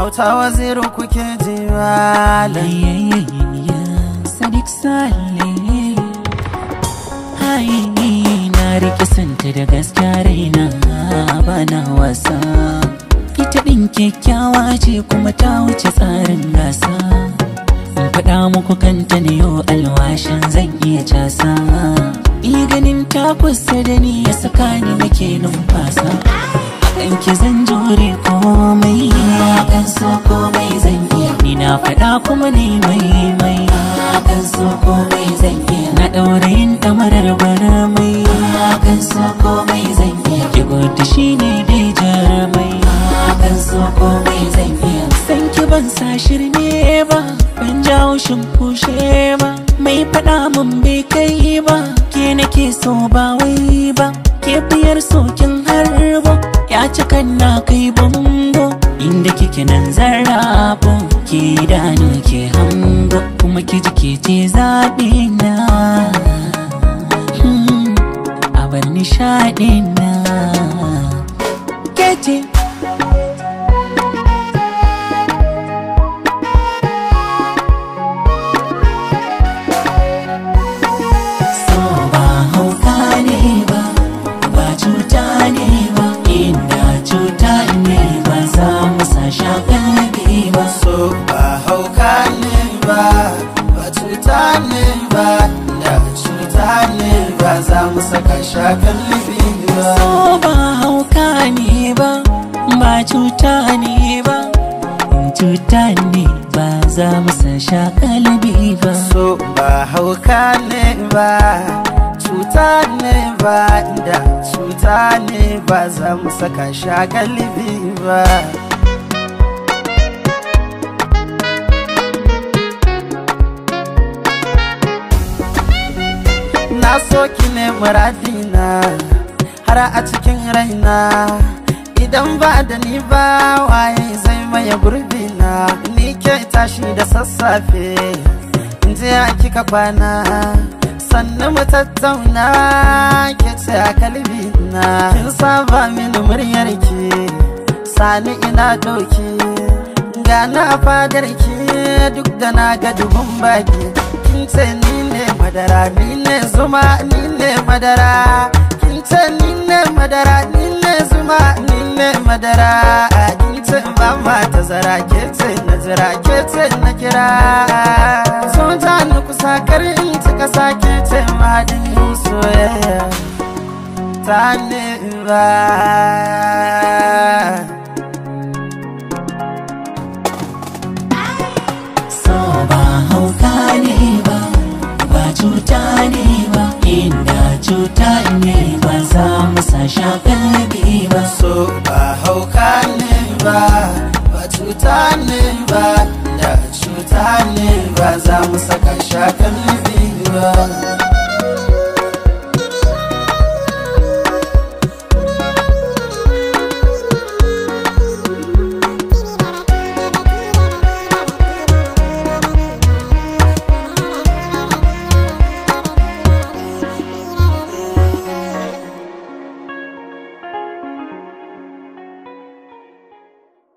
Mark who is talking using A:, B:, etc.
A: Hautawa zero kuke
B: jiwa Sadiq Saleh Haini na rike santa da gaskiya raina bana wasa Ita ɗin kyakkyawa ce kuma ta wuce tsarin gasa faɗa muku kanta ne yau alwashin zan iya casa iya ganin ta kusa da ni ya saka ni nake numfasa danki zan jure komai kan so komai zan iya ni na faɗa kuma ne mai mai kan so komai zan iya na daure yin tamarar bara mai kan so komai zan iya ki shine shi ne dai kan so komai zan iya san ki ban sa shirme ba ban jawo shimfushe ba mai faɗa mun bai kai ba ke nake so ba wai ba ke biyar sokin har ya cikan na kai bango inda kike nan zarrafo ki ni ke hango kuma ki ke ce zaɓi na hmm, abar nishaɗi na ke ce. shafi ba so ba ne ba ba cuta ne ba da
A: cuta ne ba za mu saka shafin ba so
B: ba hauka ne ba ba cuta ne ba cuta ne ba za mu san shakalbi ba so ba ne ba
A: cuta ne ba da cuta ne ba za mu saka shakalbi ba na so ki ne muradina har a cikin raina idan ba da ni ba waye zai maye gurbina ni ke tashi da sassafe in je a kika kwana sannan mu tattauna ke ce a kalbina kin saba mini muryarki sani ina doki gana a fadarki duk da na ga dubun baki kinte ni ne madara ni ne zuma ni ne madara kinte ni ne madara ni ne zuma ni ne madara a kince ba ma ta zara kinte na zara kinte na kira sun ta ni kusa kar in ci kasa kince mahadin soyayya ta ne ba
B: time.